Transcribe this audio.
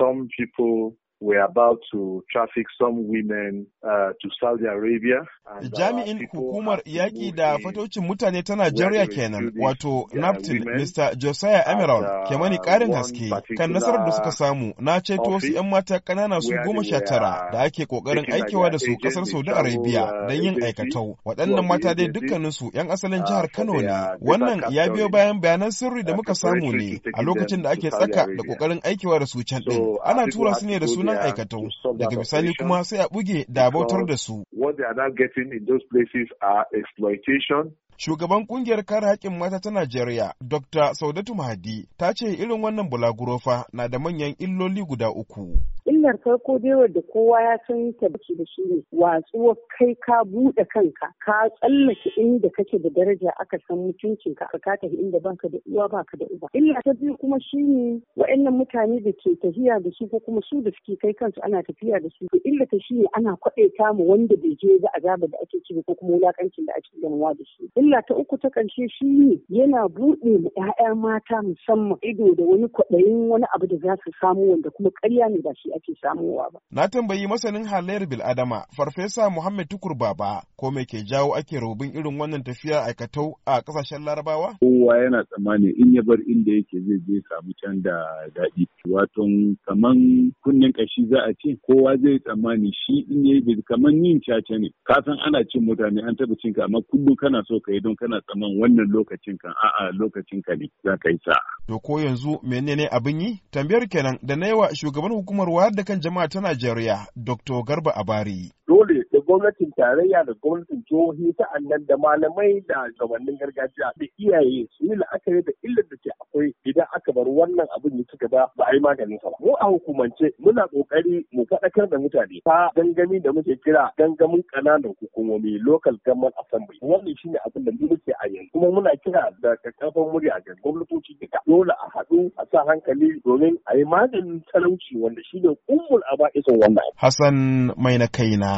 some people were about to traffic some women uh, to Saudi Arabia. Uh, Jami'in hukumar yaƙi da fatocin mutane ta Najeriya kenan, wato NAPTIN, Mr. Josiah Emerald, uh, ke mani ƙarin haske kan nasarar da suka samu na ceto wasu 'yan mata ƙanana su goma sha tara da ake ƙoƙarin aikewa da su ƙasar Saudi Arabia uh, don yin aikatau. Waɗannan mata dai dukkaninsu 'yan asalin jihar Kano ne. Wannan ya biyo bayan bayanan sirri da muka samu ne a lokacin da ake tsaka da ƙoƙarin aikewa da su can ɗin. Ana tura su ne da suna ma'aikatan daga misali kuma sai a buge da bautar da su. Shugaban kungiyar kare haƙƙin mata ta Najeriya, Dr. Saudatu Mahadi, ta ce irin wannan bulagurofa na da manyan illoli guda uku. illar farko dai da kowa ya san ta baki da shi ne watsuwa kai ka buɗe kanka ka tsallake inda kake da daraja aka san mutuncin ka ka tafi inda baka da uwa baka da uba illa ta biyu kuma shi ne wa'annan mutane da ke tafiya da su ko kuma su da suke kai kansu ana tafiya da su illa ta ne ana kwaɗaita mu wanda bai je ga azaba da ake ciki ko kuma wulakancin da ake ganuwa da shi illa ta uku ta ƙarshe shi ne yana buɗe ma ƴaƴa mata musamman ido da wani kwaɗayin wani abu da za su samu wanda kuma karya ne ba shi ake ake samuwa ba. Na tambayi masanin halayyar bil'adama Farfesa Muhammad Tukur Baba ko me ke jawo ake rubin irin wannan tafiya aikatau a ƙasashen Larabawa? Eh, kowa yana tsammani in ya bar inda yake zai je samu can da daɗi waton kaman kunnen ƙashi za a ce kowa zai tsammani shi in yayi bai kaman yin caca ne ka ana cin mutane an taɓa cin ka amma kullum kana so ka yi don kana tsaman wannan lokacin kan a'a lokacin ka ne za ka yi sa. to ko yanzu menene abin yi tambayar kenan da na yawa shugaban hukumar wayar da kan jama'a ta Najeriya Dr. Garba Abari dole da gwamnatin tarayya da gwamnatin jihohi sa'annan da malamai da gabanin gargajiya da iyaye su yi la'akari da illar da ke akwai idan aka bar wannan abin ya ci da ba a yi maganin sa ba mu a hukumance muna kokari mu faɗakar da mutane ta gangami da muke kira gangamin ƙananan hukumomi local government assembly wannan shine abin da muke a yanzu kuma muna kira da kakkafan murya ga gwamnatoci duka dole a haɗu a sa hankali domin a yi maganin talauci wanda shine ummul isan wannan Hassan mai na kaina